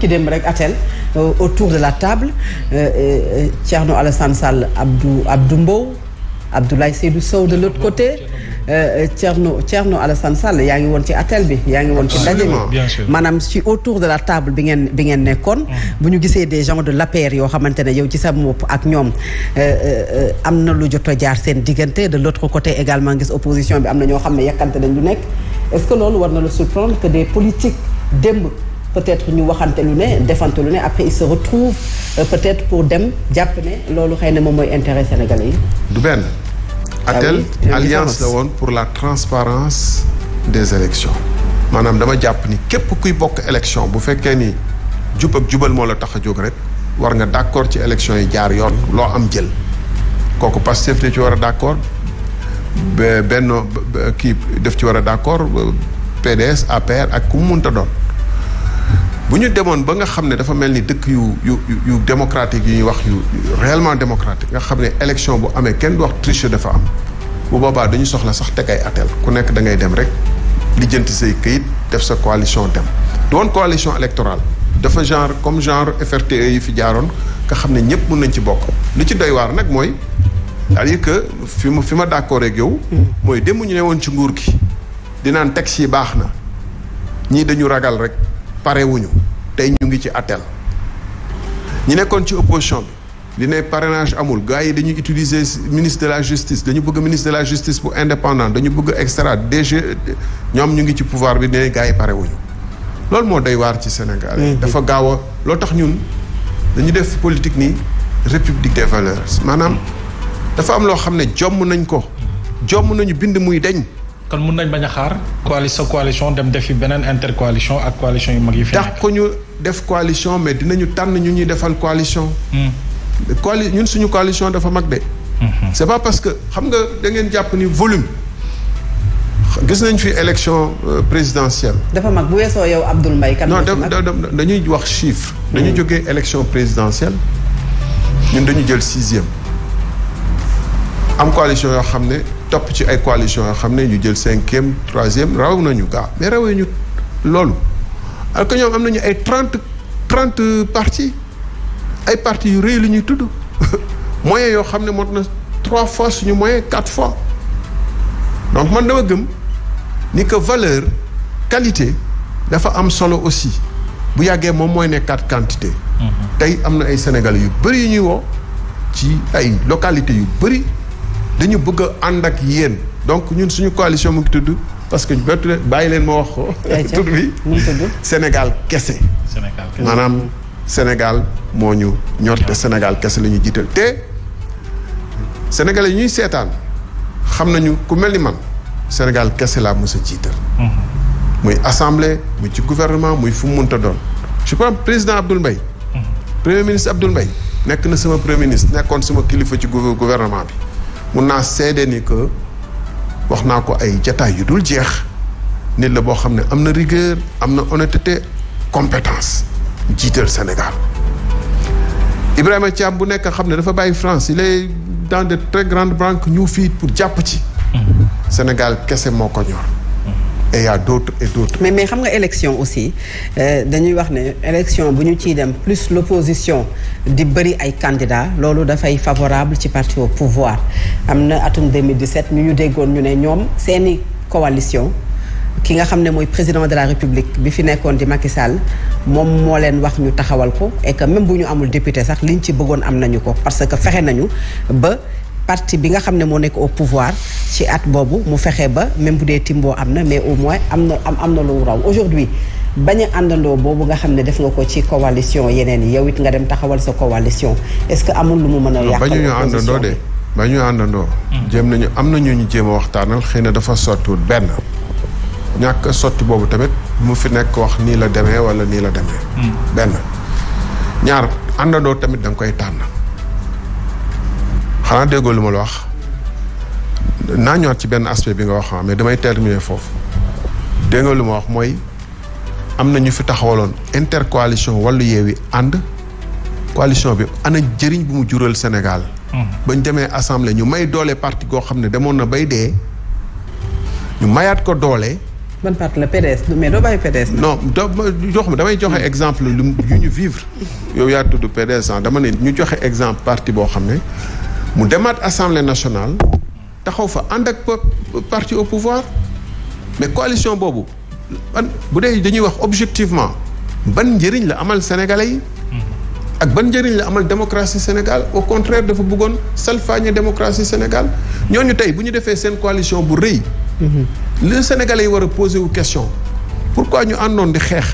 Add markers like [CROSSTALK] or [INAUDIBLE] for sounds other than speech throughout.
ki dem rek atel euh, autour de la table euh, euh, Thierno Alassane Sall Abdou Abdou Mbow Abdoulaye Seydou Sow de l'autre côté Thierno Thierno Alassane Sall yaa ngi woon ci atel bi yaa ngi woon ci ndaje bi maanaam ci autour de la table bi ngeen bi ngeen nekkoon mm. bu ñu gisee des gens de l'APR yoo xamante ne yow ci sa bopp ak ñoom am na lu jot a jaar seen diggante de l'autre côté également gis opposition bi am na ñoo xam ne yàkkante dañ lu nekk est-ce que loolu war na la surprendre que des politiques démb peut-être ñu waxante lu ne defante lu ne après il se retrouve euh, peut-être pour dem jàpp ne loolu xëy moom mooy intérêt sénégalais yi. du benn. Ah atel alliance la woon pour la transparence des élections maanaam dama jàpp ni képp kuy bokk élection bu fekkee ni jub jubal moo la tax a jóg rek war nga d'accord ci élection yi jaar yoon loo am jël kooku Pastef da ci war a d'accord benn kii daf ci war a d'accord PDS APR ak ku mu munta doon. bu ñu demoon ba nga xam ne dafa mel ni dëkk yu yu yu démocratique yu ñuy wax yu réellement démocratique nga xam ne élection bu amee kenn du wax triche dafa am bu boobaa dañu soxla sax teg ay atel ku nekk da ngay dem rek lijjanti say këyit def sa coalition dem doon coalition électorale dafa genre comme genre FRTE yi fi jaaroon nga xam ne ñëpp mën nañ ci bokk li ci doy waar nag mooy cest que fi ma fi ma d'accord ak yow hmm. mooy démb ñu ne woon ci nguur gi dinaan tax yi baax na ñii dañu ragal rek parewuñu tey ñu ngi ci attel ñu nekkoon ci opposition bi di ne parrainage amul gars yi dañuy utiliser ministre de la justice dañu bëgg ministre de la justice bu indépendant dañu bëgg extra DG ñoom ñu ngi ci pouvoir bi ne gars yi pare wuñu loolu moo day waar ci Sénégal. Mm-hmm. dafa gaaw a loo tax ñun dañu def politique nii république des valeurs maanaam dafa am loo xam ne jomm nañ ko jomm nañu bind muy deñ kon mun nañ bañ a xaar. coalition coalition dem defi beneen intercoalition ak coalition yu mag yi fi nekk. tax ko ñu def coalition mais dinañu tànn ñu ñuy defal coalition. Hmm. coali ñun suñu coalition dafa mag de. Hmm. c'est pas parce que xam nga da ngeen jàpp ni volume. gis nañ fi élection euh, présidentielle. dafa mag bu weesoo yow Abdoul Mbaye kan non dañuy wax chiffre. dañu hmm. jógee élection présidentielle ñun dañu jël sixième am coalition yoo xam ne. topp ci ay coalition yoo xam ne ñu jël cinquième troisième raw nañu gaa mais rawee ñu loolu alors que ñoom am nañu ay trente trente partis ay partis yu rëy lu ñuy tudd [LAUGHS] moyen yoo xam ne mot na trois fois suñu moyen quatre fois donc man dama gëm ni que valeur qualité dafa am solo aussi bu yàggee moom mooy nekkaat quantité mm-hmm. tey am na ay sénégalais yu bëri yu ñuy woo ci ay localités yu bëri dañu bëgg a ànd ak yéen donc ñun suñu coalition mu ngi tudd parce que bett bàyyi leen ma wax ko. tudd bi Sénégal kese. Sénégal maanaam Sénégal moo ñu ñor Sénégal kese la ñu jiital te sénégalais ñuy seetaan xam nañu ku mel ni man Sénégal kese laa mos a jiital. Mhm. muy assemblée muy ci gouvernement muy fu mu mënta doon. je pense président Abdoul Mbaye. Mhm. premier ministre Abdoul mbay nekk na sama premier ministre nekkoon sama kilifa ci gouvernement bi. mun naa seede ni que wax naa ko ay jataay yu dul jeex nit la boo xam ne am na rigueur am na honnêteté compétence jiital Sénégal Ibrahima Thiam bu nekk xam ne dafa bàyyi France il est dans de très grandes banques ñu fii pour jàpp ci mm-hmm. Sénégal kese moo ko ñor et y a d'autres mais mais xam nga élection aussi euh, dañuy wax ne élection bu ñu ciy dem plus l'opposition di bëri ay candidats loolu dafay favorable ci partie au pouvoir am na atum 2017 ñu ñu déggoon ñu ne ñoom seeni coalition ki nga xam ne mooy président de la république bi fi nekkoon di Macky Sall moom moo leen wax ñu taxawal ko et que même bu ñu amul député sax liñ ci bëggoon am nañu ko parce que fexe nañu ba. parti bi nga xam ne moo nekk au pouvoir ci at boobu mu fexe ba même bu dee timboo am na mais au moins am na am am na lu raw aujourd'hui bañ a àndandoo boobu nga xam ne def nga ko ci coalition yeneen yi yow it nga dem taxawal sa coalition est-ce que amul lu mu mën a yàqal bañu àndandoo de bañu hmm. nañu am nañu ñu jéem a waxtaanal xëy na dafa sottiwul benn ñàkk sotti boobu tamit mu fi nekk wax nii la demee wala nii la demee hmm. benn ñaar àndandoo tamit da nga koy tànn xanaa déggoo lu ma la wax naa ñëwaat ci benn aspect bi nga wax mais damay terminer foofu déggoo lu ma wax mooy am na ñu fi taxawaloon intercoalition wàllu yeewi ànd coalition bi ana jëriñ bu mu jural Sénégal. Hmm. bañ demee assemblée ñu may doole parti goo xam ne demoon na bay dee ñu mayaat ko doole. ban parti la mais doo bàyyi PDS. non doo jox ma damay joxe hmm. exemple lu ñu vivre. yow yaa tudd PDS ah, dama ne ñu joxe exemple parti boo xam ne. mu demaat assemblée nationale taxaw fa ànd ak parti au pouvoir mais coalition boobu bu dee dañuy wax objectivement ban njëriñ la amal sénégalais yi. Mm-hmm. ak ban njëriñ la amal démocratie Sénégal au contraire dafa bëggoon salfaañe démocratie Sénégal ñooñu tey bu ñu defee seen coalition bu rëy. Mm-hmm. li sénégalais yi war a posé wu question pourquoi ñu àndoon di xeex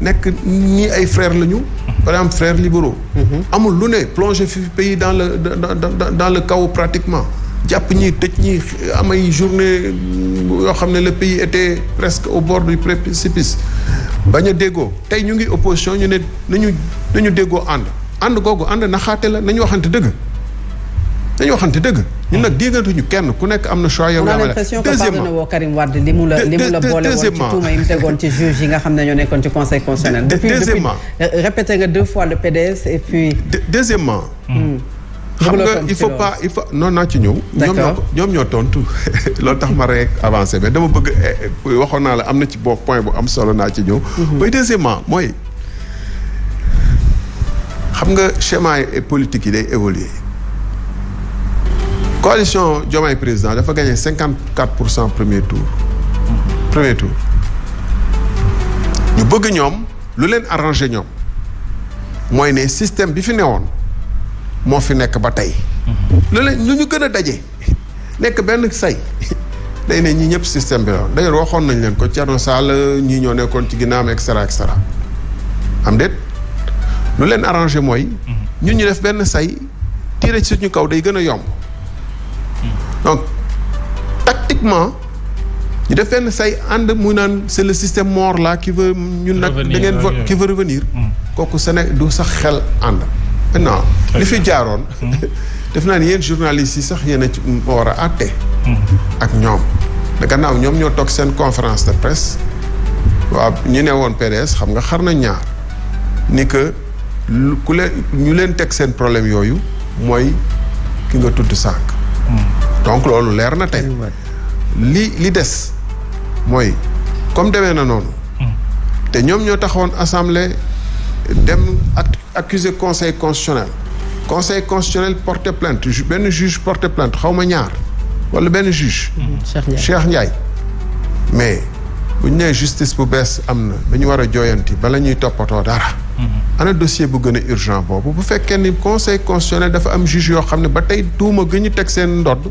nekk nii ay frères lañu. par exemple frères libéraux. Mhm. amul lu ne plongé fi pays dans le dans dans le chaos pratiquement jàpp ñi tëj ñi am ay journée yoo xam ne le pays était presque au bord du précipice bañ a déggoo tey ñu ngi opposition ñu ne nañu nañu déggoo ànd ànd googu ànd naxaate la nañu waxante dëgg nañu waxante dëgg. ñun nag déggantuñu kenn ku nekk am na choix yow. yaa ma ne nga xam ne ñoo nekkoon ci conseil constitutionnel. depuis depuis euh, répété nga deux fois le PDS et deuxièmement hmm. Hmm. xam nga il faut pas noon naa ci ñëw. ñoom ñoo ñoom ñoo tontu [LAUGHS] loolu tax ma rek avancé mais dama bëgg eh, eh, waxoon naa la am na ci boo point bu am solo naa ci ñëw. Hmm. mooy deuxièmement mooy xam nga schéma politique yi day évoluer. coalition Diomaye président dafa gagné cinquante quatre pour cent premier tour. premier ñu bëgg ñoom lu leen arrangé ñoom mooy ne système bi fi newoon moo fi nekk ba tey. lu leen lu ñu gën a daje nekk benn say. [LAUGHS] day ne ñi ñëpp système bi la d'ailleurs waxoon nañ leen ko Thierno Sall ñii ñoo nekkoon ci ginnaaw et cetera et cetera am déet lu leen arrangé mooy mhm. ñun ñu def benn say tiire ci suñu kaw day gën a yomb typiquement ñu def fenn say ànd muy naan est le système mort là qui ñun nag da ngeen vote qui veut mm. kooku Sénégal du sax xel ànd li fi jaaroon mm. [LAUGHS] def naa ni yéen journalistes yi sax yéen a ci war a àtte mm. ak ñoom da gannaaw ñoom ñoo toog seen conférence de presse waaw ñu ne woon PDS xam nga xar na ñaar ni que ku leen ñu leen teg seen problème yooyu mooy ki nga tudd sànq donc loolu leer na tey li li des mooy comme demee na noonu. te ñoom ñoo taxawoon assemblée dem ak accuser conseil constitutionnel. conseil constitutionnel porte plainte benn juge porte plainte xaw ma ñaar wala benn juge. Cheikh Ndiaye mais bu ñu nee justice bu bees am na dañu war a jooyanti bala ñuy toppatoo dara. Mhm. ana dossier bu gën a urgent boobu bu fekkee ni conseil constitutionnel dafa am juge yoo xam ne ba tey tuuma gën ñu teg seen ndodd.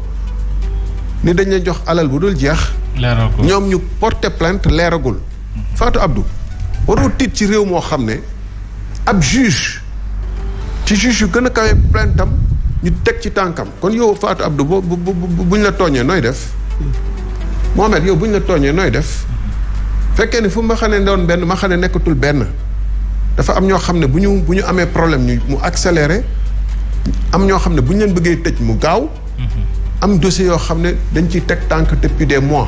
ni dañu leen jox alal bu dul jeex. ñoom ñu porte plant leeragul. faatu abdu waroo tiit ci réew moo xam ne ab juge ci juge yu gën a kawe plainte ñu teg ci tànkam kon yow Fatou Abdou boo bu buñ la tooñee nooy def. Mohamed yow buñ la tooñee nooy def. fekkee ne fu ma xam ne doon benn ma xam ne nekkatul benn dafa am ñoo xam ne bu ñu bu ñu amee problème ñu mu accéléré am ñoo xam ne bu ñu leen bëggee tëj mu gaaw. Mhm. am dossier yoo xam ne dañ ciy teg tànk depuis des mois.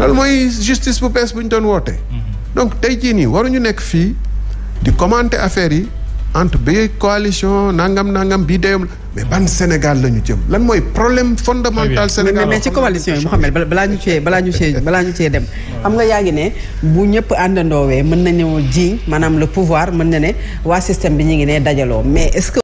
loolu mooy justice bu bees bu ñu doon woote. donc tey jii nii waruñu nekk fii di commenter affaire yi entre bi coalition nangam nangam bii dayam mais ban Sénégal lañu ñu jëm lan mooy problème fondamental Sénégal mais ci coalition yi Mouhamed balaa ñu cee balaa ñu cee balaa ñu cee dem. xam nga yaa ngi ne bu ñëpp àndandoowee mën nañoo ji maanaam le pouvoir mën na ne waa système bi ñu ngi ne dajaloo mais est-ce que.